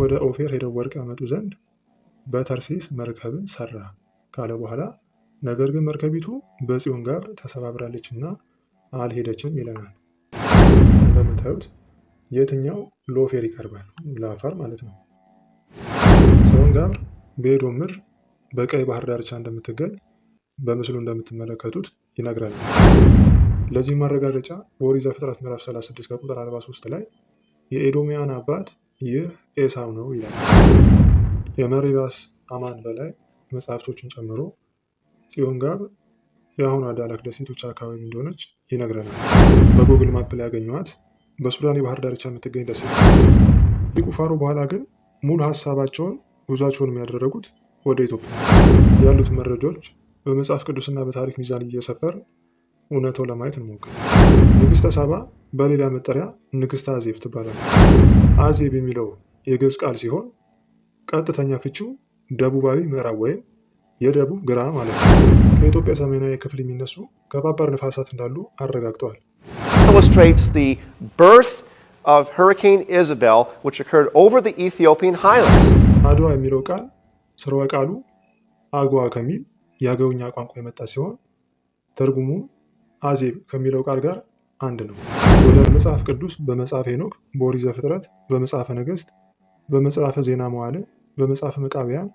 ወደ ኦፌር ሄደው ወርቅ ያመጡ ዘንድ በተርሴስ መርከብን ሰራ ካለ በኋላ ነገር ግን መርከቢቱ በጽዮን ጋር ተሰባብራለች እና አልሄደችም ይለናል። እንደምታዩት የትኛው ለኦፌር ይቀርባል? ለአፋር ማለት ነው። ጽዮን ጋር በኤዶም ምድር በቀይ ባህር ዳርቻ እንደምትገኝ በምስሉ እንደምትመለከቱት ይነግራል። ለዚህ ማረጋገጫ በኦሪት ዘፍጥረት ምዕራፍ 36 ከቁጥር 43 ላይ የኤዶሚያን አባት ይህ ኤሳው ነው ይላል። የመሪባስ አማን በላይ መጽሐፍቶችን ጨምሮ ጽዮን ጋር የአሁኑ አዳላክ ደሴቶች አካባቢ እንደሆነች ይነግረናል። በጉግል ማፕ ላይ ያገኘዋት በሱዳን የባህር ዳርቻ የምትገኝ ደሴት። የቁፋሮ በኋላ ግን ሙሉ ሀሳባቸውን ጉዟቸውን የሚያደረጉት ወደ ኢትዮጵያ ያሉት መረጃዎች በመጽሐፍ ቅዱስና በታሪክ ሚዛን እየሰፈር እውነተው ለማየት እንሞክር። ንግስተ ሳባ በሌላ መጠሪያ ንግስተ አዜብ ትባላለች። አዜብ የሚለው የግዕዝ ቃል ሲሆን ቀጥተኛ ፍቺው ደቡባዊ ምዕራብ ወይም የደቡብ ግራ ማለት ነው። ከኢትዮጵያ ሰሜናዊ ክፍል የሚነሱ ከባባር ነፋሳት እንዳሉ አረጋግጠዋል። አድዋ የሚለው ቃል ስርወ ቃሉ አግዋ ከሚል የአገውኛ ቋንቋ የመጣ ሲሆን ትርጉሙ አዜብ ከሚለው ቃል ጋር አንድ ነው። ወደ መጽሐፍ ቅዱስ በመጽሐፍ ሄኖክ፣ በኦሪት ዘፍጥረት፣ በመጽሐፈ ነገሥት፣ በመጽሐፈ ዜና መዋዕል፣ በመጽሐፈ መቃብያን፣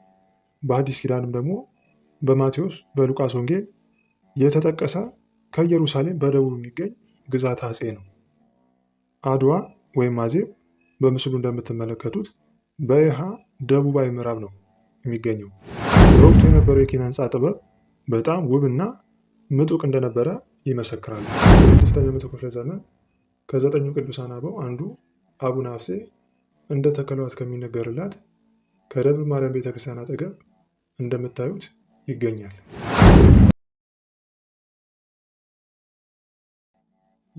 በአዲስ ኪዳንም ደግሞ በማቴዎስ፣ በሉቃስ ወንጌል የተጠቀሰ ከኢየሩሳሌም በደቡብ የሚገኝ ግዛት አጼ ነው። አድዋ ወይም አዜብ በምስሉ እንደምትመለከቱት በይሃ ደቡባዊ ምዕራብ ነው የሚገኘው። በወቅቱ የነበረው የኪነ ህንፃ ጥበብ በጣም ውብና ምጡቅ እንደነበረ ይመሰክራሉ። ስድስተኛው መቶ ክፍለ ዘመን ከዘጠኙ ቅዱሳን አበው አንዱ አቡነ አፍሴ እንደ ተከሏት ከሚነገርላት ከደብ ማርያም ቤተክርስቲያን አጠገብ እንደምታዩት ይገኛል።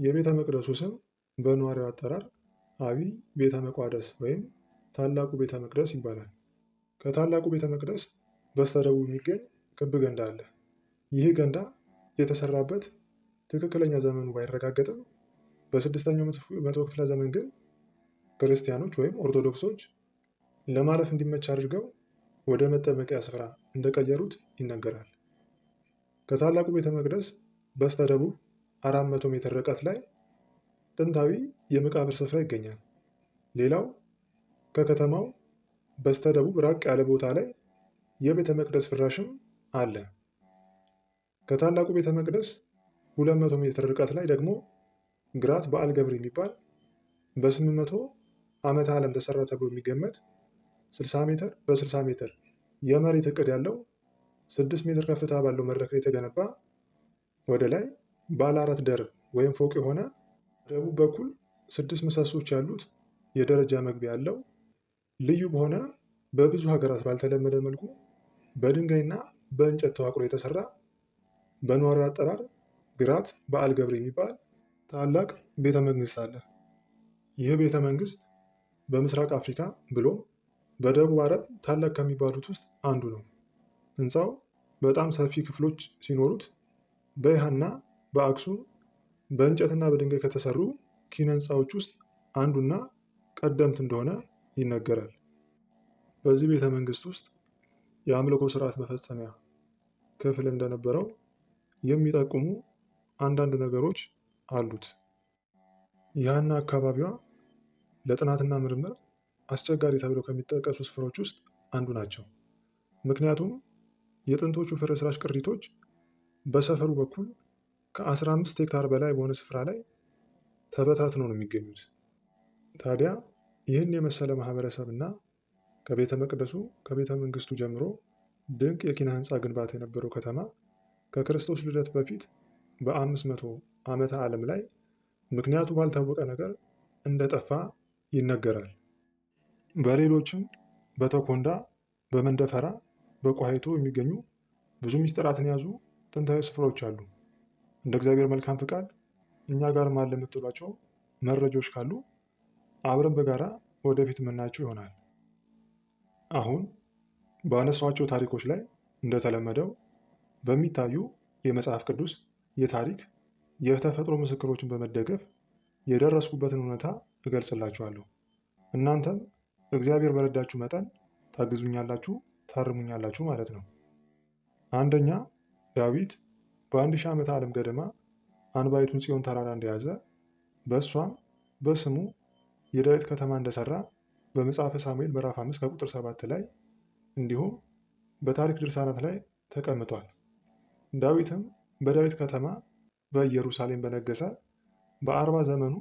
የቤተ መቅደሱ ስም በነዋሪው አጠራር አቢይ ቤተ መቋደስ ወይም ታላቁ ቤተ መቅደስ ይባላል። ከታላቁ ቤተ መቅደስ በስተደቡብ የሚገኝ ክብ ገንዳ አለ። ይህ ገንዳ የተሰራበት ትክክለኛ ዘመኑ ባይረጋገጥም በስድስተኛው መቶ ክፍለ ዘመን ግን ክርስቲያኖች ወይም ኦርቶዶክሶች ለማለፍ እንዲመች አድርገው ወደ መጠመቂያ ስፍራ እንደቀየሩት ይነገራል። ከታላቁ ቤተ መቅደስ በስተደቡብ አራት መቶ ሜትር ርቀት ላይ ጥንታዊ የመቃብር ስፍራ ይገኛል። ሌላው ከከተማው በስተደቡብ ራቅ ያለ ቦታ ላይ የቤተ መቅደስ ፍራሽም አለ። ከታላቁ ቤተ መቅደስ 200 ሜትር ርቀት ላይ ደግሞ ግራት በዓል ገብር የሚባል በ800 ዓመተ ዓለም ተሰራ ተብሎ የሚገመት 60 ሜትር በ60 ሜትር የመሬት እቅድ ያለው 6 ሜትር ከፍታ ባለው መድረክ ላይ የተገነባ ወደ ላይ ባለ አራት ደርብ ወይም ፎቅ የሆነ ደቡብ በኩል ስድስት ምሰሶች ያሉት የደረጃ መግቢያ ያለው ልዩ በሆነ በብዙ ሀገራት ባልተለመደ መልኩ በድንጋይና በእንጨት ተዋቅሮ የተሰራ በኗሪ አጠራር ቢራት በዓል ገብር የሚባል ታላቅ ቤተ መንግስት አለ። ይህ ቤተ መንግስት በምስራቅ አፍሪካ ብሎም በደቡብ አረብ ታላቅ ከሚባሉት ውስጥ አንዱ ነው። ህንፃው በጣም ሰፊ ክፍሎች ሲኖሩት በይሃና በአክሱም በእንጨትና በድንጋይ ከተሰሩ ኪነ ህንፃዎች ውስጥ አንዱና ቀደምት እንደሆነ ይነገራል። በዚህ ቤተ መንግስት ውስጥ የአምልኮ ስርዓት መፈጸሚያ ክፍል እንደነበረው የሚጠቁሙ አንዳንድ ነገሮች አሉት። ያና አካባቢዋ ለጥናትና ምርምር አስቸጋሪ ተብለው ከሚጠቀሱ ስፍራዎች ውስጥ አንዱ ናቸው። ምክንያቱም የጥንቶቹ ፍርስራሽ ቅሪቶች በሰፈሩ በኩል ከ15 ሄክታር በላይ በሆነ ስፍራ ላይ ተበታትነው ነው የሚገኙት። ታዲያ ይህን የመሰለ ማህበረሰብ እና ከቤተ መቅደሱ ከቤተ መንግስቱ ጀምሮ ድንቅ የኪነ ህንፃ ግንባታ የነበረው ከተማ ከክርስቶስ ልደት በፊት በአምስት መቶ ዓመተ ዓለም ላይ ምክንያቱ ባልታወቀ ነገር እንደጠፋ ይነገራል። በሌሎችም በተኮንዳ፣ በመንደፈራ፣ በቋሂቶ የሚገኙ ብዙ ምስጢራትን የያዙ ጥንታዊ ስፍራዎች አሉ። እንደ እግዚአብሔር መልካም ፍቃድ እኛ ጋርም አለ የምትሏቸው መረጃዎች ካሉ አብረን በጋራ ወደፊት የምናያቸው ይሆናል። አሁን ባነሷቸው ታሪኮች ላይ እንደተለመደው በሚታዩ የመጽሐፍ ቅዱስ የታሪክ የተፈጥሮ ምስክሮችን በመደገፍ የደረስኩበትን እውነታ እገልጽላችኋለሁ። እናንተም እግዚአብሔር በረዳችሁ መጠን ታግዙኛላችሁ፣ ታርሙኛላችሁ ማለት ነው። አንደኛ ዳዊት በአንድ ሺህ ዓመት ዓለም ገደማ አንባይቱን ጽዮን ተራራ እንደያዘ በእሷም በስሙ የዳዊት ከተማ እንደሰራ በመጽሐፈ ሳሙኤል ምዕራፍ 5 ከቁጥር 7 ላይ እንዲሁም በታሪክ ድርሳናት ላይ ተቀምጧል። ዳዊትም በዳዊት ከተማ በኢየሩሳሌም በነገሰ በአርባ ዘመኑ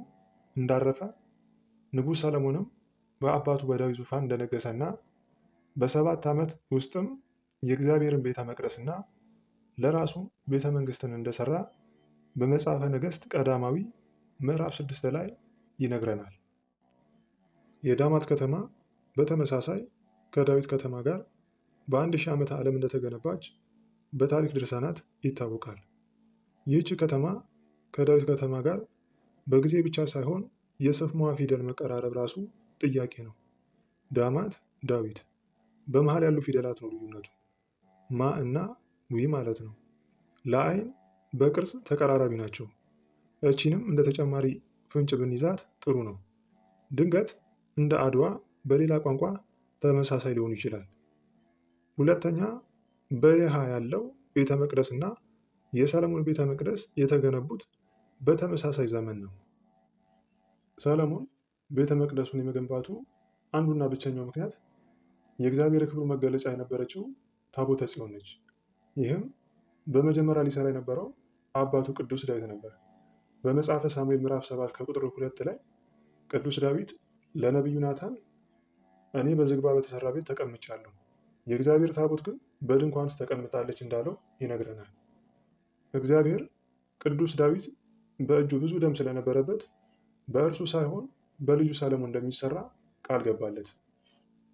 እንዳረፈ ንጉሥ ሰለሞንም በአባቱ በዳዊት ዙፋን እንደነገሰና በሰባት ዓመት ውስጥም የእግዚአብሔርን ቤተ መቅደስና ለራሱ ቤተ መንግስትን እንደሰራ በመጽሐፈ ነገሥት ቀዳማዊ ምዕራፍ ስድስት ላይ ይነግረናል። የዳማት ከተማ በተመሳሳይ ከዳዊት ከተማ ጋር በአንድ ሺህ ዓመት ዓለም እንደተገነባች በታሪክ ድርሳናት ይታወቃል። ይህች ከተማ ከዳዊት ከተማ ጋር በጊዜ ብቻ ሳይሆን የስሟ ፊደል መቀራረብ ራሱ ጥያቄ ነው። ዳማት ዳዊት፣ በመሀል ያሉ ፊደላት ነው ልዩነቱ። ማ እና ዊ ማለት ነው። ለአይን በቅርጽ ተቀራራቢ ናቸው። እቺንም እንደ ተጨማሪ ፍንጭ ብንይዛት ጥሩ ነው። ድንገት እንደ አድዋ በሌላ ቋንቋ ተመሳሳይ ሊሆኑ ይችላል። ሁለተኛ በየሃ ያለው ቤተ መቅደስና የሰለሞን ቤተ መቅደስ የተገነቡት በተመሳሳይ ዘመን ነው። ሰለሞን ቤተ መቅደሱን የመገንባቱ አንዱና ብቸኛው ምክንያት የእግዚአብሔር ክብሩ መገለጫ የነበረችው ታቦተ ጽዮን ነች። ይህም በመጀመሪያ ሊሰራ የነበረው አባቱ ቅዱስ ዳዊት ነበር። በመጽሐፈ ሳሙኤል ምዕራፍ ሰባት ከቁጥር ሁለት ላይ ቅዱስ ዳዊት ለነቢዩ ናታን እኔ በዝግባ በተሰራ ቤት ተቀምጫለሁ፣ የእግዚአብሔር ታቦት ግን በድንኳንስ ተቀምጣለች እንዳለው ይነግረናል። እግዚአብሔር ቅዱስ ዳዊት በእጁ ብዙ ደም ስለነበረበት በእርሱ ሳይሆን በልጁ ሰለሞን እንደሚሰራ ቃል ገባለት።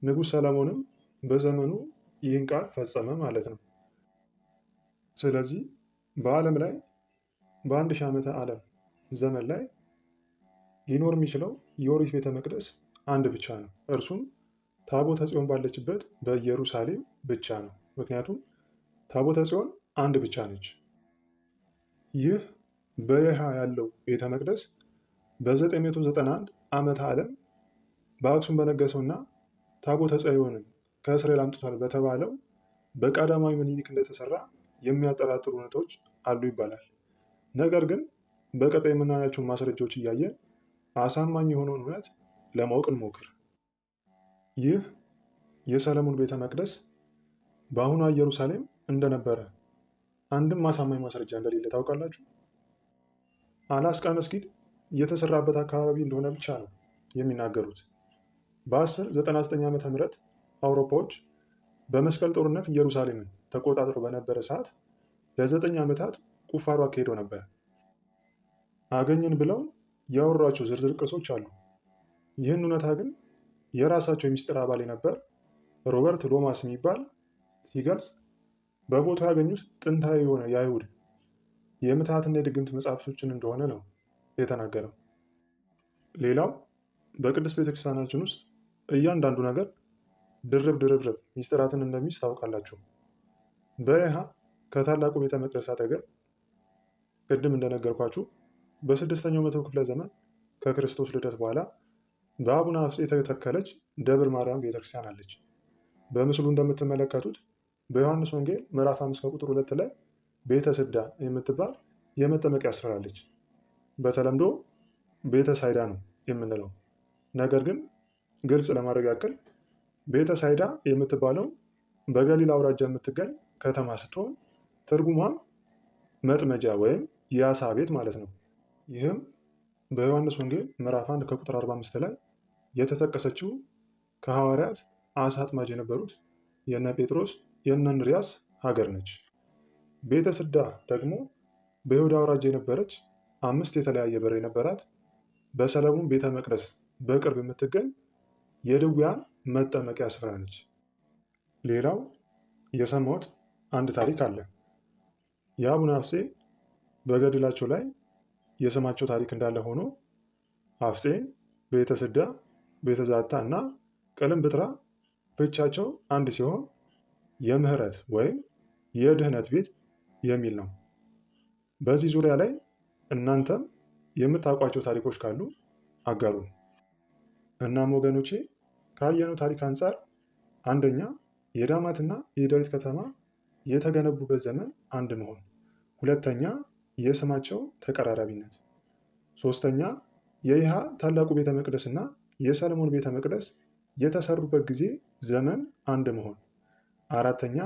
ንጉሥ ሰለሞንም በዘመኑ ይህን ቃል ፈጸመ ማለት ነው። ስለዚህ በዓለም ላይ በአንድ ሺህ ዓመተ ዓለም ዘመን ላይ ሊኖር የሚችለው የኦሪት ቤተ መቅደስ አንድ ብቻ ነው። እርሱም ታቦተ ጽዮን ባለችበት በኢየሩሳሌም ብቻ ነው። ምክንያቱም ታቦተ ጽዮን አንድ ብቻ ነች። ይህ በየሃ ያለው ቤተ መቅደስ በ991 ዓመተ ዓለም በአክሱም በነገሰውና ታቦተ ጽዮንን ከእስራኤል አምጥቷል በተባለው በቀዳማዊ ምኒልክ እንደተሰራ የሚያጠራጥሩ እውነቶች አሉ ይባላል። ነገር ግን በቀጣይ የምናያቸውን ማስረጃዎች እያየን አሳማኝ የሆነውን እውነት ለማወቅ እንሞክር። ይህ የሰለሞን ቤተ መቅደስ በአሁኗ ኢየሩሳሌም እንደነበረ አንድም ማሳማኝ ማስረጃ እንደሌለ ታውቃላችሁ። አላስቃ መስጊድ የተሰራበት አካባቢ እንደሆነ ብቻ ነው የሚናገሩት። በ1099 ዓመተ ምህረት አውሮፓዎች በመስቀል ጦርነት ኢየሩሳሌምን ተቆጣጥሮ በነበረ ሰዓት ለዘጠኝ ዓመታት ቁፋሮ አካሄደው ነበር። አገኘን ብለው ያወሯቸው ዝርዝር ቅርሶች አሉ። ይህን እውነታ ግን የራሳቸው የሚስጥር አባል የነበር ሮበርት ሎማስ የሚባል ሲገልጽ በቦታ ያገኙት ጥንታዊ የሆነ የአይሁድ የምትሃትና የድግምት መጽሐፍቶችን እንደሆነ ነው የተናገረው። ሌላው በቅዱስ ቤተክርስቲያናችን ውስጥ እያንዳንዱ ነገር ድርብ ድርብርብ ሚስጥራትን እንደሚስ ታውቃላችሁ። በይሃ ከታላቁ ቤተ መቅደስ አጠገብ ቅድም እንደነገርኳችሁ በስድስተኛው መቶ ክፍለ ዘመን ከክርስቶስ ልደት በኋላ በአቡነ አፍጼ የተተከለች ደብር ማርያም ቤተክርስቲያን አለች። በምስሉ እንደምትመለከቱት በዮሐንስ ወንጌል ምዕራፍ 5 ከቁጥር ሁለት ላይ ቤተ ስዳ የምትባል የመጠመቂያ ስፍራ አለች። በተለምዶ ቤተ ሳይዳ ነው የምንለው። ነገር ግን ግልጽ ለማድረግ ያክል ቤተ ሳይዳ የምትባለው በገሊላ አውራጃ የምትገኝ ከተማ ስትሆን ትርጉሟም መጥመጃ ወይም የአሳ ቤት ማለት ነው። ይህም በዮሐንስ ወንጌል ምዕራፍ 1 ከቁጥር 45 ላይ የተጠቀሰችው ከሐዋርያት አሳ አጥማጅ የነበሩት የነ ጴጥሮስ ሪያስ ሀገር ነች። ቤተ ስዳ ደግሞ በይሁዳ አውራጅ የነበረች አምስት የተለያየ በር የነበራት በሰለሞን ቤተ መቅደስ በቅርብ የምትገኝ የድውያን መጠመቂያ ስፍራ ነች። ሌላው የሰማሁት አንድ ታሪክ አለ። የአቡነ አፍጼ በገድላቸው ላይ የስማቸው ታሪክ እንዳለ ሆኖ አፍጼን ቤተስዳ፣ ቤተዛታ እና ቀለም ብጥራ ብቻቸው አንድ ሲሆን የምህረት ወይም የድህነት ቤት የሚል ነው። በዚህ ዙሪያ ላይ እናንተም የምታውቋቸው ታሪኮች ካሉ አጋሩ። እናም ወገኖቼ ካየነው ታሪክ አንጻር አንደኛ የዳማትና የዳዊት ከተማ የተገነቡበት ዘመን አንድ መሆን፣ ሁለተኛ የስማቸው ተቀራራቢነት፣ ሶስተኛ የይሃ ታላቁ ቤተ መቅደስና የሰለሞን ቤተ መቅደስ የተሰሩበት ጊዜ ዘመን አንድ መሆን አራተኛ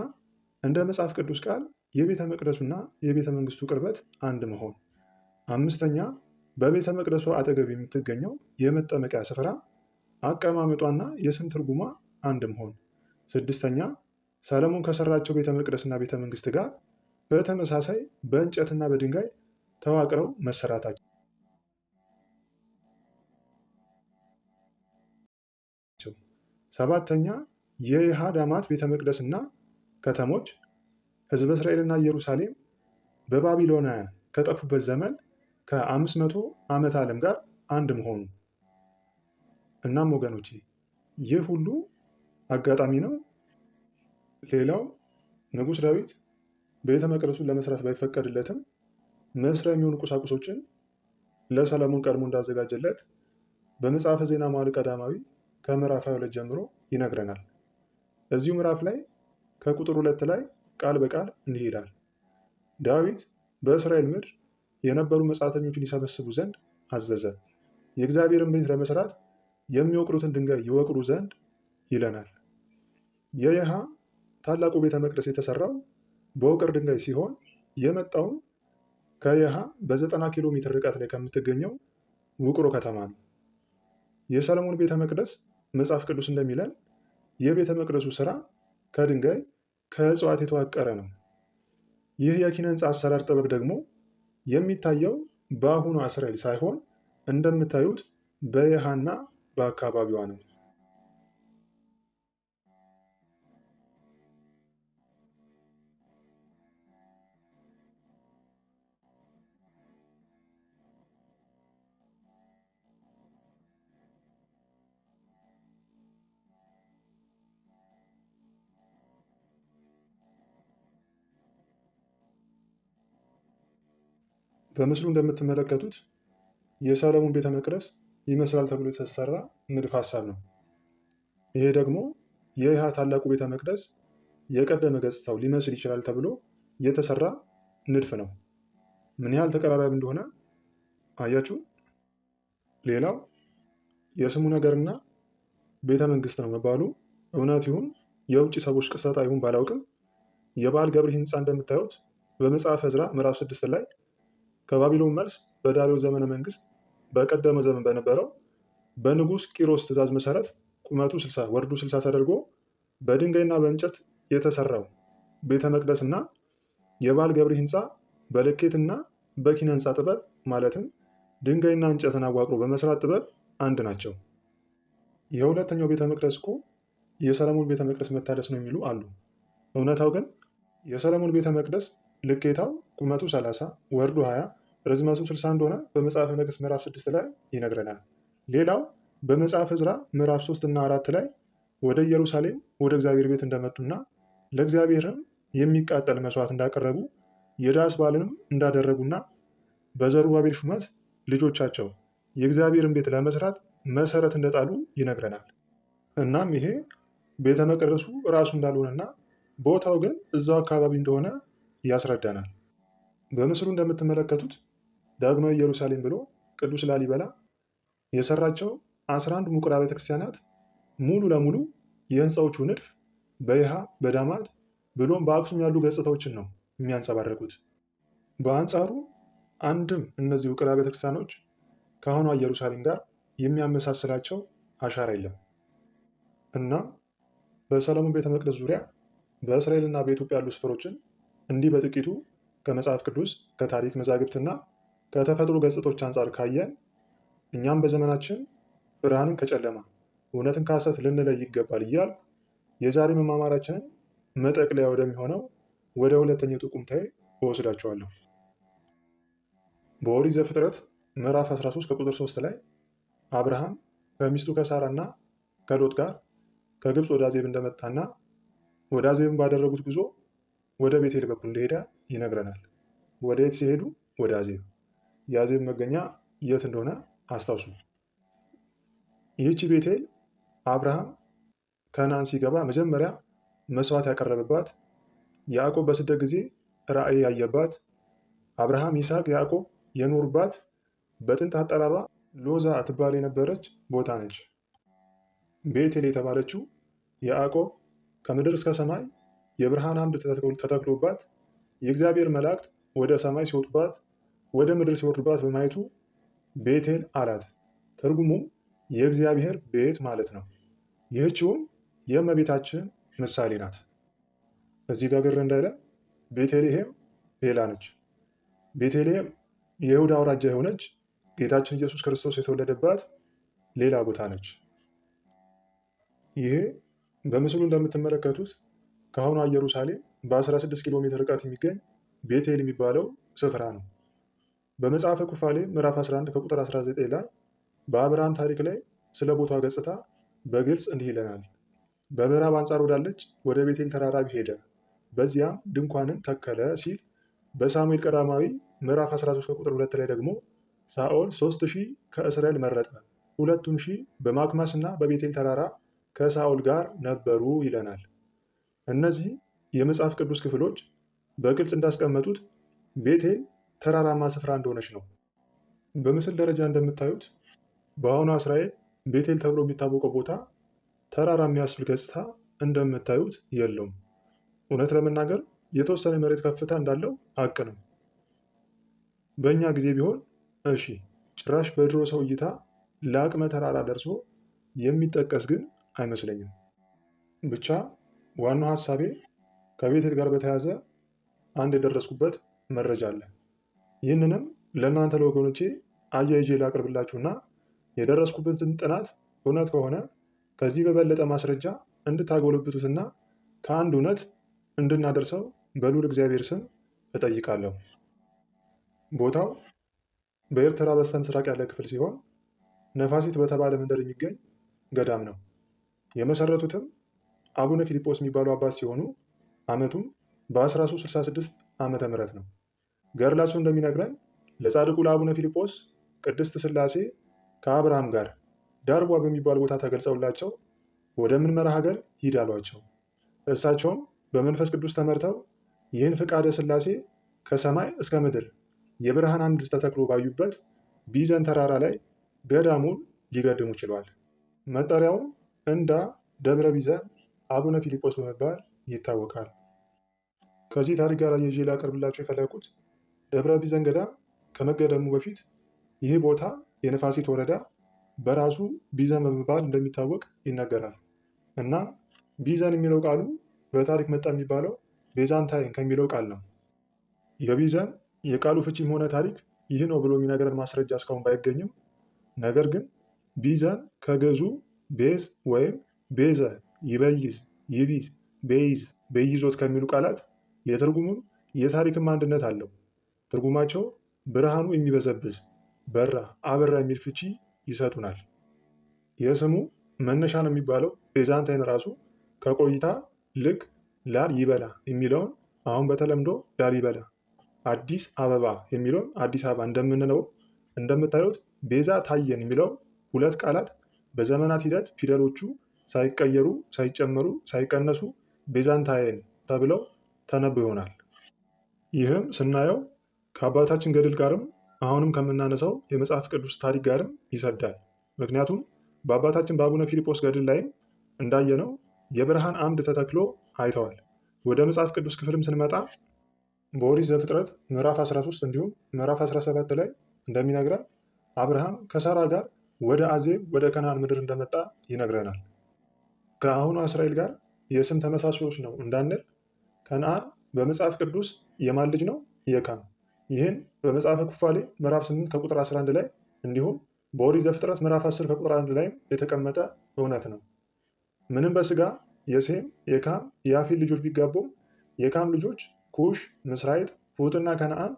እንደ መጽሐፍ ቅዱስ ቃል የቤተ መቅደሱና የቤተ መንግስቱ ቅርበት አንድ መሆን። አምስተኛ በቤተ መቅደሱ አጠገብ የምትገኘው የመጠመቂያ ስፍራ አቀማመጧና የስም ትርጉሟ አንድ መሆን። ስድስተኛ ሰለሞን ከሰራቸው ቤተ መቅደስና ቤተ መንግስት ጋር በተመሳሳይ በእንጨትና በድንጋይ ተዋቅረው መሰራታቸው። ሰባተኛ የሃዳማት ቤተ መቅደስና ከተሞች ህዝበ እስራኤልና ኢየሩሳሌም በባቢሎናውያን ከጠፉበት ዘመን ከ500 ዓመት ዓለም ጋር አንድ መሆኑ። እናም ወገኖቼ ይህ ሁሉ አጋጣሚ ነው። ሌላው ንጉሥ ዳዊት ቤተ መቅደሱን ለመስራት ባይፈቀድለትም መስሪያ የሚሆኑ ቁሳቁሶችን ለሰለሞን ቀድሞ እንዳዘጋጀለት በመጽሐፈ ዜና መዋዕል ቀዳማዊ ከምዕራፍ 22 ጀምሮ ይነግረናል። እዚሁ ምዕራፍ ላይ ከቁጥር ሁለት ላይ ቃል በቃል እንዲህ ይላል፣ ዳዊት በእስራኤል ምድር የነበሩ መጻተኞችን ይሰበስቡ ዘንድ አዘዘ፣ የእግዚአብሔርን ቤት ለመስራት የሚወቅሩትን ድንጋይ ይወቅሩ ዘንድ ይለናል። የየሃ ታላቁ ቤተ መቅደስ የተሰራው በውቅር ድንጋይ ሲሆን የመጣውም ከየሃ በዘጠና ኪሎ ሜትር ርቀት ላይ ከምትገኘው ውቅሮ ከተማ ነው። የሰለሞን ቤተ መቅደስ መጽሐፍ ቅዱስ እንደሚለን የቤተ መቅደሱ ስራ ከድንጋይ ከእጽዋት የተዋቀረ ነው። ይህ የኪነ ህንፃ አሰራር ጥበብ ደግሞ የሚታየው በአሁኑ እስራኤል ሳይሆን እንደምታዩት በየሃና በአካባቢዋ ነው። በምስሉ እንደምትመለከቱት የሰለሞን ቤተ መቅደስ ይመስላል ተብሎ የተሰራ ንድፍ ሀሳብ ነው። ይሄ ደግሞ የይሃ ታላቁ ቤተ መቅደስ የቀደመ ገጽታው ሊመስል ይችላል ተብሎ የተሰራ ንድፍ ነው። ምን ያህል ተቀራራቢ እንደሆነ አያችሁ። ሌላው የስሙ ነገርና ቤተ መንግስት ነው መባሉ እውነት ይሁን የውጭ ሰዎች ቅሰታ ይሁን ባላውቅም የበዓል ገብሪ ህንፃ እንደምታዩት በመጽሐፈ ዕዝራ ምዕራፍ ስድስት ላይ ከባቢሎን መልስ በዳሪዮ ዘመነ መንግስት በቀደመ ዘመን በነበረው በንጉስ ቂሮስ ትእዛዝ መሰረት ቁመቱ ስልሳ ወርዱ 60 ተደርጎ በድንጋይና በእንጨት የተሰራው ቤተ መቅደስና የባል ገብሪ ህንፃ በልኬትና በኪነ ህንፃ ጥበብ ማለትም ድንጋይና እንጨትን አዋቅሮ በመስራት ጥበብ አንድ ናቸው። የሁለተኛው ቤተ መቅደስ እኮ የሰለሞን ቤተ መቅደስ መታደስ ነው የሚሉ አሉ። እውነታው ግን የሰለሞን ቤተ መቅደስ ልኬታው ቁመቱ 30 ወርዱ 20 ርዝመቱ 60 እንደሆነ በመጽሐፈ ነገሥት ምዕራፍ 6 ላይ ይነግረናል። ሌላው በመጽሐፈ ዕዝራ ምዕራፍ 3 እና አራት ላይ ወደ ኢየሩሳሌም ወደ እግዚአብሔር ቤት እንደመጡና ለእግዚአብሔርም የሚቃጠል መስዋዕት እንዳቀረቡ የዳስ በዓልንም እንዳደረጉና በዘሩባቤል ሹመት ልጆቻቸው የእግዚአብሔርን ቤት ለመስራት መሰረት እንደጣሉ ይነግረናል። እናም ይሄ ቤተ መቅደሱ ራሱ እንዳልሆነና ቦታው ግን እዛው አካባቢ እንደሆነ ያስረዳናል። በምስሉ እንደምትመለከቱት ዳግማዊ ኢየሩሳሌም ብሎ ቅዱስ ላሊበላ የሰራቸው 11 ውቅር አብያተ ክርስቲያናት ሙሉ ለሙሉ የህንፃዎቹ ንድፍ በይሃ በዳማት ብሎም በአክሱም ያሉ ገጽታዎችን ነው የሚያንጸባርቁት። በአንጻሩ አንድም እነዚህ ውቅር አብያተ ክርስቲያኖች ከአሁኗ ኢየሩሳሌም ጋር የሚያመሳስላቸው አሻራ የለም። እናም በሰለሞን ቤተ መቅደስ ዙሪያ በእስራኤልና በኢትዮጵያ ያሉ ስፍሮችን እንዲህ በጥቂቱ ከመጽሐፍ ቅዱስ ከታሪክ መዛግብትና ከተፈጥሮ ገጽቶች አንጻር ካየን እኛም በዘመናችን ብርሃንን ከጨለማ እውነትን ከሐሰት ልንለይ ይገባል እያል የዛሬ መማማራችንን መጠቅለያ ወደሚሆነው ወደ ሁለተኛው ቁምታይ እወስዳቸዋለሁ። በኦሪት ዘፍጥረት ምዕራፍ 13 ከቁጥር 3 ላይ አብርሃም ከሚስቱ ከሳራና ከሎጥ ጋር ከግብፅ ወደ አዜብ እንደመጣና ወደ አዜብን ባደረጉት ጉዞ ወደ ቤቴል በኩል እንደሄደ ይነግረናል። ወደ የት ሲሄዱ? ወደ አዜብ የአዜብ መገኛ የት እንደሆነ አስታውሱ። ይህቺ ቤቴል አብርሃም ከናን ሲገባ መጀመሪያ መስዋዕት ያቀረበባት፣ ያዕቆብ በስደት ጊዜ ራእይ ያየባት፣ አብርሃም፣ ይስሐቅ፣ ያዕቆብ የኖሩባት በጥንት አጠራሯ ሎዛ ትባል የነበረች ቦታ ነች። ቤቴል የተባለችው ያዕቆብ ከምድር እስከ ሰማይ የብርሃን አምድ ተተክሎባት የእግዚአብሔር መላእክት ወደ ሰማይ ሲወጡባት ወደ ምድር ሲወርዱባት በማየቱ ቤቴል አላት። ትርጉሙም የእግዚአብሔር ቤት ማለት ነው። ይህችውም የእመቤታችን ምሳሌ ናት። እዚህ ጋር ግር እንዳይለ ቤተልሔም ሌላ ነች። ቤተልሔም የይሁዳ አውራጃ የሆነች ጌታችን ኢየሱስ ክርስቶስ የተወለደባት ሌላ ቦታ ነች። ይሄ በምስሉ እንደምትመለከቱት ከአሁኗ ኢየሩሳሌም በ16 ኪሎ ሜትር ርቀት የሚገኝ ቤቴል የሚባለው ስፍራ ነው። በመጽሐፈ ኩፋሌ ምዕራፍ 11 ከቁጥር 19 ላይ በአብርሃም ታሪክ ላይ ስለ ቦታዋ ገጽታ በግልጽ እንዲህ ይለናል። በምዕራብ አንጻር ወዳለች ወደ ቤቴል ተራራ ሄደ፣ በዚያም ድንኳንን ተከለ ሲል በሳሙኤል ቀዳማዊ ምዕራፍ 13 ከቁጥር 2 ላይ ደግሞ ሳኦል ሶስት ሺህ ከእስራኤል መረጠ፣ ሁለቱም ሺህ በማክማስ እና በቤቴል ተራራ ከሳኦል ጋር ነበሩ ይለናል። እነዚህ የመጽሐፍ ቅዱስ ክፍሎች በግልጽ እንዳስቀመጡት ቤቴል ተራራማ ስፍራ እንደሆነች ነው። በምስል ደረጃ እንደምታዩት በአሁኗ እስራኤል ቤቴል ተብሎ የሚታወቀው ቦታ ተራራ የሚያስብል ገጽታ እንደምታዩት የለውም። እውነት ለመናገር የተወሰነ መሬት ከፍታ እንዳለው አቅንም። ነው። በእኛ ጊዜ ቢሆን እሺ፣ ጭራሽ በድሮ ሰው እይታ ለአቅመ ተራራ ደርሶ የሚጠቀስ ግን አይመስለኝም። ብቻ ዋናው ሀሳቤ ከቤቴል ጋር በተያያዘ አንድ የደረስኩበት መረጃ አለ። ይህንንም ለእናንተ ለወገኖቼ አያይዤ ላቅርብላችሁና የደረስኩበትን ጥናት እውነት ከሆነ ከዚህ በበለጠ ማስረጃ እንድታጎለብቱትና ከአንድ እውነት እንድናደርሰው በሉል እግዚአብሔር ስም እጠይቃለሁ። ቦታው በኤርትራ በስተ ምስራቅ ያለ ክፍል ሲሆን ነፋሲት በተባለ መንደር የሚገኝ ገዳም ነው። የመሰረቱትም አቡነ ፊልጶስ የሚባሉ አባት ሲሆኑ ዓመቱም በ1366 ዓመተ ምህረት ነው። ገድላቸው እንደሚነግረን ለጻድቁ ለአቡነ ፊልጶስ ቅድስት ስላሴ ከአብርሃም ጋር ዳርቧ በሚባል ቦታ ተገልጸውላቸው ወደ ምንመራ ሀገር ሂድ አሏቸው። እሳቸውም በመንፈስ ቅዱስ ተመርተው ይህን ፍቃደ ስላሴ ከሰማይ እስከ ምድር የብርሃን አንድ ተተክሎ ባዩበት ቢዘን ተራራ ላይ ገዳሙን ሊገድሙ ችሏል። መጠሪያውም እንዳ ደብረ ቢዘን አቡነ ፊልጶስ በመባል ይታወቃል። ከዚህ ታሪክ ጋር አያይዤ ላቀርብላቸው የፈለኩት ደብረ ቢዘን ገዳም ከመገደሙ በፊት ይህ ቦታ የነፋሲት ወረዳ በራሱ ቢዘን በመባል እንደሚታወቅ ይነገራል እና ቢዘን የሚለው ቃሉ በታሪክ መጣ የሚባለው ቤዛንታይን ከሚለው ቃል ነው። የቢዘን የቃሉ ፍቺም ሆነ ታሪክ ይህ ነው ብሎ የሚነገረን ማስረጃ እስካሁን ባይገኝም፣ ነገር ግን ቢዘን ከገዙ ቤዝ ወይም ቤዘ ይበይዝ፣ ይቢዝ፣ ቤይዝ፣ በይዞት ከሚሉ ቃላት የትርጉሙም የታሪክም አንድነት አለው። ትርጉማቸው ብርሃኑ የሚበዘብዝ በራ አበራ የሚል ፍቺ ይሰጡናል። የስሙ መነሻ ነው የሚባለው ቤዛንታይን ራሱ ከቆይታ ልክ ይበላ የሚለውን አሁን በተለምዶ ላል ይበላ አዲስ አበባ የሚለውን አዲስ አበባ እንደምንለው እንደምታዩት ቤዛ ታየን የሚለው ሁለት ቃላት በዘመናት ሂደት ፊደሎቹ ሳይቀየሩ ሳይጨመሩ ሳይቀነሱ ቤዛንታይን ተብለው ተነብ ይሆናል። ይህም ስናየው ከአባታችን ገድል ጋርም አሁንም ከምናነሳው የመጽሐፍ ቅዱስ ታሪክ ጋርም ይሰዳል። ምክንያቱም በአባታችን በአቡነ ፊልጶስ ገድል ላይም እንዳየነው የብርሃን አምድ ተተክሎ አይተዋል። ወደ መጽሐፍ ቅዱስ ክፍልም ስንመጣ በኦሪት ዘፍጥረት ምዕራፍ 13 እንዲሁም ምዕራፍ 17 ላይ እንደሚነግረን አብርሃም ከሳራ ጋር ወደ አዜብ ወደ ከናን ምድር እንደመጣ ይነግረናል። ከአሁኑ እስራኤል ጋር የስም ተመሳሳዮች ነው እንዳንል ከነአን በመጽሐፍ ቅዱስ የማን ልጅ ነው? የካም ይህን በመጽሐፈ ኩፋሌ ምዕራፍ 8 ከቁጥር 11 ላይ እንዲሁም በኦሪት ዘፍጥረት ምዕራፍ 10 ከቁጥር 1 ላይም የተቀመጠ እውነት ነው። ምንም በስጋ የሴም የካም የአፌል ልጆች ቢጋቡም የካም ልጆች ኩሽ፣ ምስራይጥ፣ ፉጥና ከነአን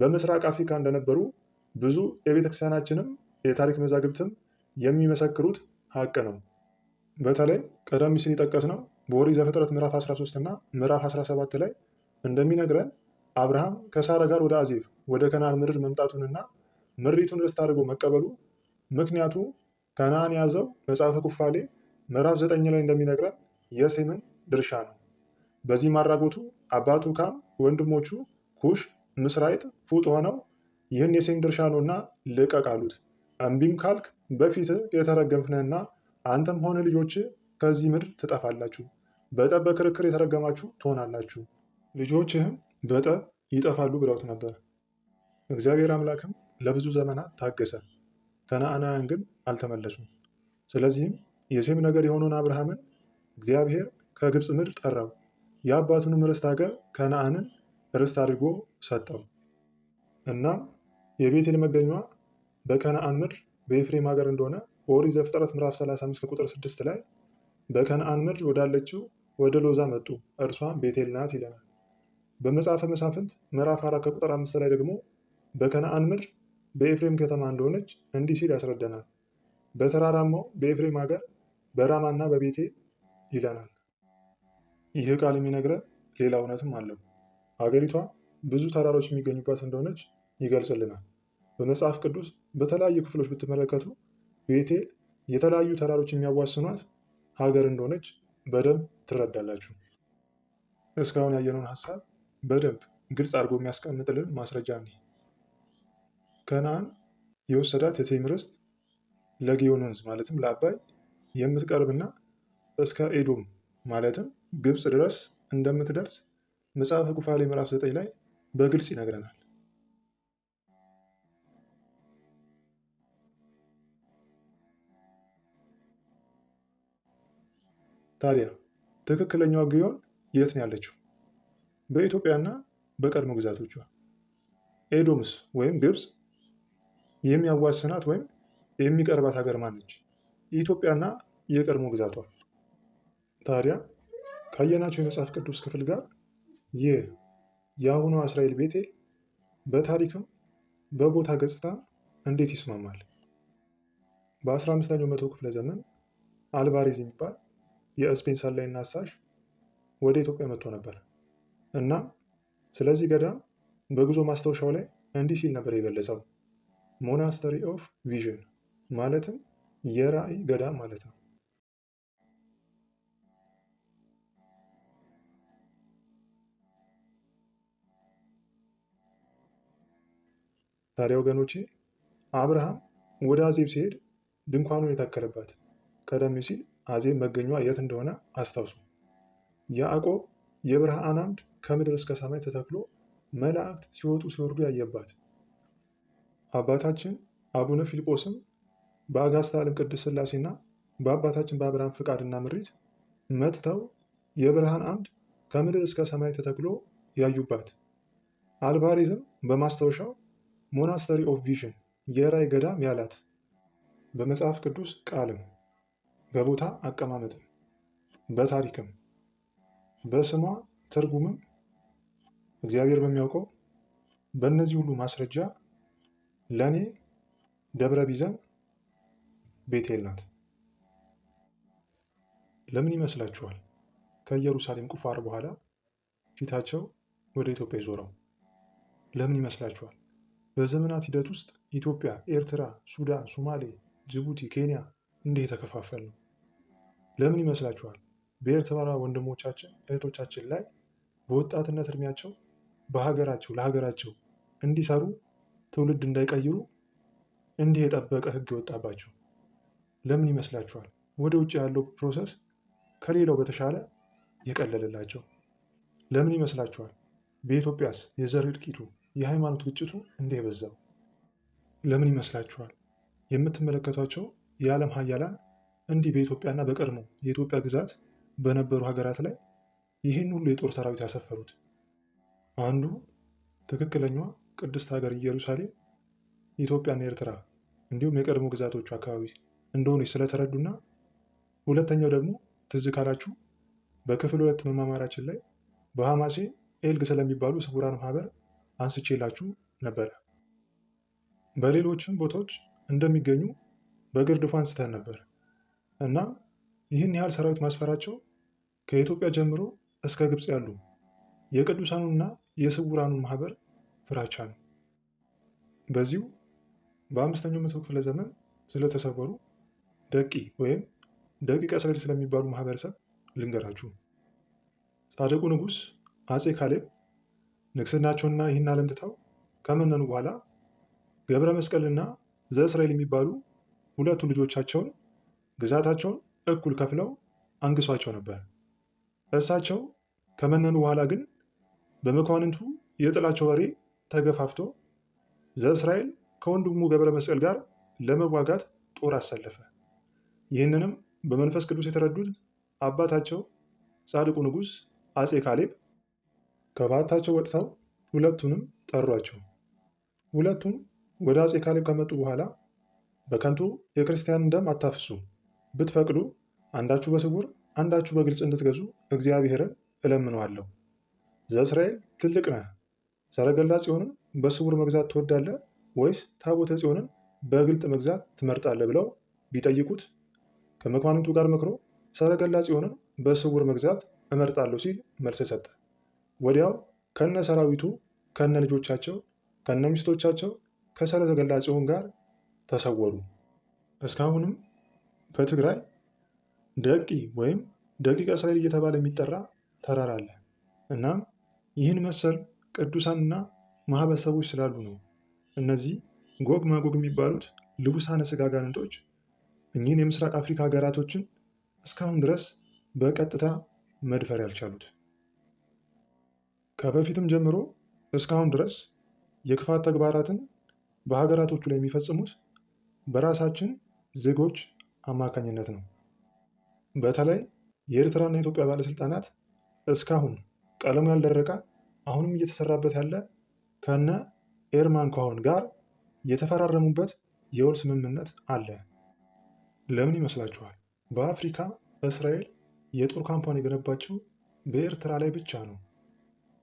በምስራቅ አፍሪካ እንደነበሩ ብዙ የቤተክርስቲያናችንም የታሪክ መዛግብትም የሚመሰክሩት ሀቅ ነው። በተለይ ቀደም ሲል የጠቀስነው በኦሪት ዘፍጥረት ምዕራፍ 13 እና ምዕራፍ 17 ላይ እንደሚነግረን አብርሃም ከሳራ ጋር ወደ አዜብ ወደ ከናን ምድር መምጣቱንና ምሪቱን ርስት አድርጎ መቀበሉ ምክንያቱ ከናን ያዘው መጽሐፈ ኩፋሌ ምዕራፍ ዘጠኝ ላይ እንደሚነግረን የሴምን ድርሻ ነው። በዚህም አድራጎቱ አባቱ ካም፣ ወንድሞቹ ኩሽ፣ ምስራይጥ፣ ፉጥ ሆነው ይህን የሴም ድርሻ ነውና ልቀቅ አሉት። እምቢም ካልክ በፊት የተረገምነህና አንተም ሆነ ልጆች ከዚህ ምድር ትጠፋላችሁ፣ በጠበ ክርክር የተረገማችሁ ትሆናላችሁ። ልጆችህም በጠብ ይጠፋሉ ብለውት ነበር። እግዚአብሔር አምላክም ለብዙ ዘመናት ታገሰ፣ ከነአናውያን ግን አልተመለሱም። ስለዚህም የሴም ነገድ የሆነውን አብርሃምን እግዚአብሔር ከግብፅ ምድር ጠራው፣ የአባቱንም ርስት ሀገር ከነአንን ርስት አድርጎ ሰጠው። እናም የቤቴል መገኛዋ በከነአን ምድር በኤፍሬም ሀገር እንደሆነ ኦሪት ዘፍጥረት ምዕራፍ 35 ቁጥር 6 ላይ በከነአን ምድር ወዳለችው ወደ ሎዛ መጡ፣ እርሷም ቤቴል ናት ይለናል። በመጽሐፈ መሳፍንት ምዕራፍ አራት ከቁጥር አምስት ላይ ደግሞ በከነአን ምድር በኤፍሬም ከተማ እንደሆነች እንዲህ ሲል ያስረዳናል። በተራራማው በኤፍሬም ሀገር በራማና በቤቴ ይለናል። ይህ ቃል የሚነግረን ሌላ እውነትም አለው። ሀገሪቷ ብዙ ተራሮች የሚገኙባት እንደሆነች ይገልጽልናል። በመጽሐፍ ቅዱስ በተለያዩ ክፍሎች ብትመለከቱ ቤቴ የተለያዩ ተራሮች የሚያዋስኗት ሀገር እንደሆነች በደንብ ትረዳላችሁ። እስካሁን ያየነውን ሀሳብ በደንብ ግልጽ አድርጎ የሚያስቀምጥልን ማስረጃ ነው። ከነአን የወሰዳት የሴም ርስት ለጊዮን ወንዝ ማለትም ለአባይ የምትቀርብና እስከ ኤዶም ማለትም ግብፅ ድረስ እንደምትደርስ መጽሐፈ ኩፋሌ ምዕራፍ ዘጠኝ ላይ በግልጽ ይነግረናል። ታዲያ ትክክለኛዋ ግዮን የት ነው ያለችው? በኢትዮጵያና በቀድሞ ግዛቶቿ ኤዶምስ ወይም ግብፅ የሚያዋስናት ወይም የሚቀርባት ሀገር ማነች? ኢትዮጵያና የቀድሞ ግዛቷ። ታዲያ ካየናቸው የመጽሐፍ ቅዱስ ክፍል ጋር ይህ የአሁኑ እስራኤል ቤቴ በታሪክም በቦታ ገጽታ እንዴት ይስማማል? በ15ኛው መቶ ክፍለ ዘመን አልባሬዝ የሚባል የስፔን ሰላይና አሳሽ ወደ ኢትዮጵያ መጥቶ ነበር። እና ስለዚህ ገዳም በጉዞ ማስታወሻው ላይ እንዲህ ሲል ነበር የገለጸው ሞናስተሪ ኦፍ ቪዥን ማለትም የራእይ ገዳም ማለት ነው። ታዲያ ወገኖቼ አብርሃም ወደ አዜብ ሲሄድ ድንኳኑን የተከለባት ቀደም ሲል አዜብ መገኟ የት እንደሆነ አስታውሱ። ያዕቆብ የብርሃን አምድ ከምድር እስከ ሰማይ ተተክሎ መላእክት ሲወጡ ሲወርዱ ያየባት አባታችን አቡነ ፊልጶስም በአጋስታ ዓለም ቅድስት ሥላሴና በአባታችን በአብርሃም ፍቃድና ምሪት መጥተው የብርሃን አምድ ከምድር እስከ ሰማይ ተተክሎ ያዩባት። አልባሪዝም በማስታወሻው ሞናስተሪ ኦፍ ቪዥን የራይ ገዳም ያላት በመጽሐፍ ቅዱስ ቃልም በቦታ አቀማመጥም በታሪክም በስሟ ትርጉምም እግዚአብሔር በሚያውቀው በእነዚህ ሁሉ ማስረጃ ለእኔ ደብረ ቢዘን ቤቴል ናት። ለምን ይመስላችኋል ከኢየሩሳሌም ቁፋር በኋላ ፊታቸው ወደ ኢትዮጵያ ይዞረው? ለምን ይመስላችኋል? በዘመናት ሂደት ውስጥ ኢትዮጵያ፣ ኤርትራ፣ ሱዳን፣ ሶማሌ ጅቡቲ፣ ኬንያ እንዲህ የተከፋፈል ነው። ለምን ይመስላችኋል በኤርትራ ወንድሞቻችን እህቶቻችን ላይ በወጣትነት እድሜያቸው በሀገራቸው ለሀገራቸው እንዲሰሩ ትውልድ እንዳይቀይሩ እንዲህ የጠበቀ ህግ የወጣባቸው ለምን ይመስላችኋል? ወደ ውጭ ያለው ፕሮሰስ ከሌላው በተሻለ የቀለለላቸው ለምን ይመስላችኋል? በኢትዮጵያስ የዘር እልቂቱ፣ የሃይማኖት ግጭቱ እንዲህ የበዛው ለምን ይመስላችኋል? የምትመለከቷቸው የዓለም ሀያላን እንዲህ በኢትዮጵያና በቀድሞ የኢትዮጵያ ግዛት በነበሩ ሀገራት ላይ ይህን ሁሉ የጦር ሰራዊት ያሰፈሩት አንዱ ትክክለኛዋ ቅድስት ሀገር ኢየሩሳሌም ኢትዮጵያና ኤርትራ እንዲሁም የቀድሞ ግዛቶቹ አካባቢ እንደሆነች ስለተረዱና ሁለተኛው ደግሞ ትዝ ካላችሁ በክፍል ሁለት መማማራችን ላይ በሐማሴ ኤልግ ስለሚባሉ ስቡራን ማህበር አንስቼላችሁ ነበረ። በሌሎችም ቦታዎች እንደሚገኙ በግርድፉ አንስተን ነበር እና ይህን ያህል ሰራዊት ማስፈራቸው ከኢትዮጵያ ጀምሮ እስከ ግብፅ ያሉ የቅዱሳኑና የስውራኑ ማህበር ፍራቻ ነው። በዚሁ በአምስተኛው መቶ ክፍለ ዘመን ስለተሰወሩ ደቂ ወይም ደቂቀ እስራኤል ስለሚባሉ ማህበረሰብ ልንገራችሁ። ጻድቁ ንጉስ፣ አጼ ካሌብ ንግስናቸውንና ይህን ዓለም ትተው ከመነኑ በኋላ ገብረ መስቀልና ዘእስራኤል የሚባሉ ሁለቱ ልጆቻቸውን ግዛታቸውን እኩል ከፍለው አንግሷቸው ነበር። እሳቸው ከመነኑ በኋላ ግን በመኳንንቱ የጥላቸው ወሬ ተገፋፍቶ ዘእስራኤል ከወንድሙ ገብረ መስቀል ጋር ለመዋጋት ጦር አሰለፈ። ይህንንም በመንፈስ ቅዱስ የተረዱት አባታቸው ጻድቁ ንጉሥ አጼ ካሌብ ከባታቸው ወጥተው ሁለቱንም ጠሯቸው። ሁለቱም ወደ አፄ ካሌብ ከመጡ በኋላ በከንቱ የክርስቲያን ደም አታፍሱ፣ ብትፈቅዱ አንዳችሁ በስውር አንዳችሁ በግልጽ እንድትገዙ እግዚአብሔርን እለምነዋለሁ ዘእስራኤል ትልቅ ነህ፣ ሰረገላ ጽዮንን በስውር መግዛት ትወዳለህ ወይስ ታቦተ ጽዮንን በግልጥ መግዛት ትመርጣለህ? ብለው ቢጠይቁት ከመኳንንቱ ጋር መክሮ ሰረገላ ጽዮንን በስውር መግዛት እመርጣለሁ ሲል መልስ ሰጠ። ወዲያው ከነ ሰራዊቱ ከነ ልጆቻቸው ከነ ሚስቶቻቸው ከሰረገላ ጽዮን ጋር ተሰወሩ። እስካሁንም በትግራይ ደቂ ወይም ደቂቀ እስራኤል እየተባለ የሚጠራ ተራራ አለ። እናም ይህን መሰል ቅዱሳንና ማህበረሰቦች ስላሉ ነው። እነዚህ ጎግ ማጎግ የሚባሉት ልቡሳነ ስጋ ጋንንጦች እኚህን የምስራቅ አፍሪካ ሀገራቶችን እስካሁን ድረስ በቀጥታ መድፈር ያልቻሉት ከበፊትም ጀምሮ እስካሁን ድረስ የክፋት ተግባራትን በሀገራቶቹ ላይ የሚፈጽሙት በራሳችን ዜጎች አማካኝነት ነው። በተለይ የኤርትራና የኢትዮጵያ ባለስልጣናት እስካሁን ቀለሙ ያልደረቀ አሁንም እየተሰራበት ያለ ከነ ኤርማን ኮሆን ጋር የተፈራረሙበት የውል ስምምነት አለ። ለምን ይመስላችኋል? በአፍሪካ እስራኤል የጦር ካምፓን የገነባችው በኤርትራ ላይ ብቻ ነው።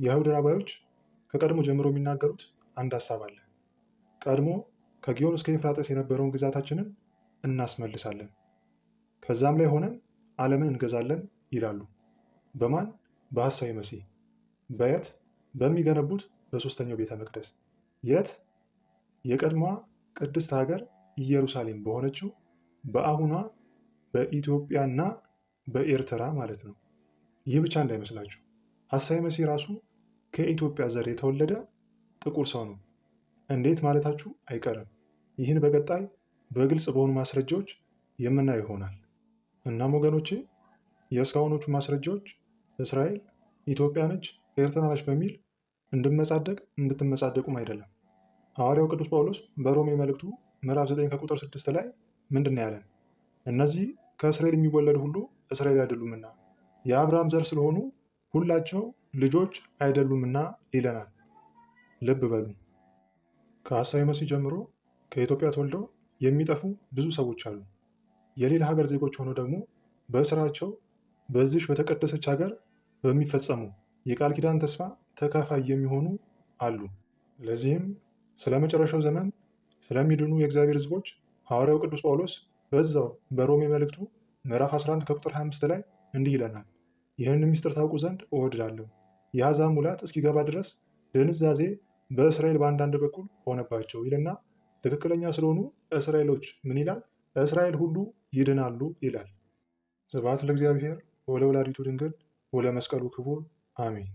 የአይሁድ ራባዮች ከቀድሞ ጀምሮ የሚናገሩት አንድ ሀሳብ አለ። ቀድሞ ከጊዮን እስከ ኤፍራጠስ የነበረውን ግዛታችንን እናስመልሳለን፣ ከዛም ላይ ሆነን ዓለምን እንገዛለን ይላሉ። በማን በሐሳዊ መሲህ በየት በሚገነቡት በሶስተኛው ቤተ መቅደስ የት የቀድሞዋ ቅድስት ሀገር ኢየሩሳሌም በሆነችው በአሁኗ በኢትዮጵያና በኤርትራ ማለት ነው። ይህ ብቻ እንዳይመስላችሁ ሐሳዊ መሲህ ራሱ ከኢትዮጵያ ዘር የተወለደ ጥቁር ሰው ነው። እንዴት ማለታችሁ አይቀርም። ይህን በቀጣይ በግልጽ በሆኑ ማስረጃዎች የምናየው ይሆናል። እናም ወገኖቼ የእስካሁኖቹ ማስረጃዎች እስራኤል ኢትዮጵያ ነች፣ ኤርትራ ነች በሚል እንድመጻደቅ እንድትመጻደቁም አይደለም። ሐዋርያው ቅዱስ ጳውሎስ በሮሜ መልእክቱ ምዕራፍ 9 ከቁጥር 6 ላይ ምንድን ነው ያለን? እነዚህ ከእስራኤል የሚወለዱ ሁሉ እስራኤል አይደሉምና የአብርሃም ዘር ስለሆኑ ሁላቸው ልጆች አይደሉምና ይለናል። ልብ በሉ። ከሐሳዊ መሲህ ጀምሮ ከኢትዮጵያ ተወልደው የሚጠፉ ብዙ ሰዎች አሉ። የሌላ ሀገር ዜጎች ሆነው ደግሞ በስራቸው በዚሽ በተቀደሰች ሀገር በሚፈጸሙ የቃል ኪዳን ተስፋ ተካፋይ የሚሆኑ አሉ። ለዚህም ስለ መጨረሻው ዘመን ስለሚድኑ የእግዚአብሔር ሕዝቦች ሐዋርያው ቅዱስ ጳውሎስ በዛው በሮሜ መልእክቱ ምዕራፍ 11 ከቁጥር 25 ላይ እንዲህ ይለናል፣ ይህን ምስጢር ታውቁ ዘንድ እወድዳለሁ። የአሕዛብ ሙላት እስኪገባ ድረስ ድንዛዜ በእስራኤል በአንዳንድ በኩል ሆነባቸው ይልና ትክክለኛ ስለሆኑ እስራኤሎች ምን ይላል? እስራኤል ሁሉ ይድናሉ ይላል። ስብሐት ለእግዚአብሔር ወለወላዲቱ ድንግል ወለመስቀሉ ክቡር አሜን።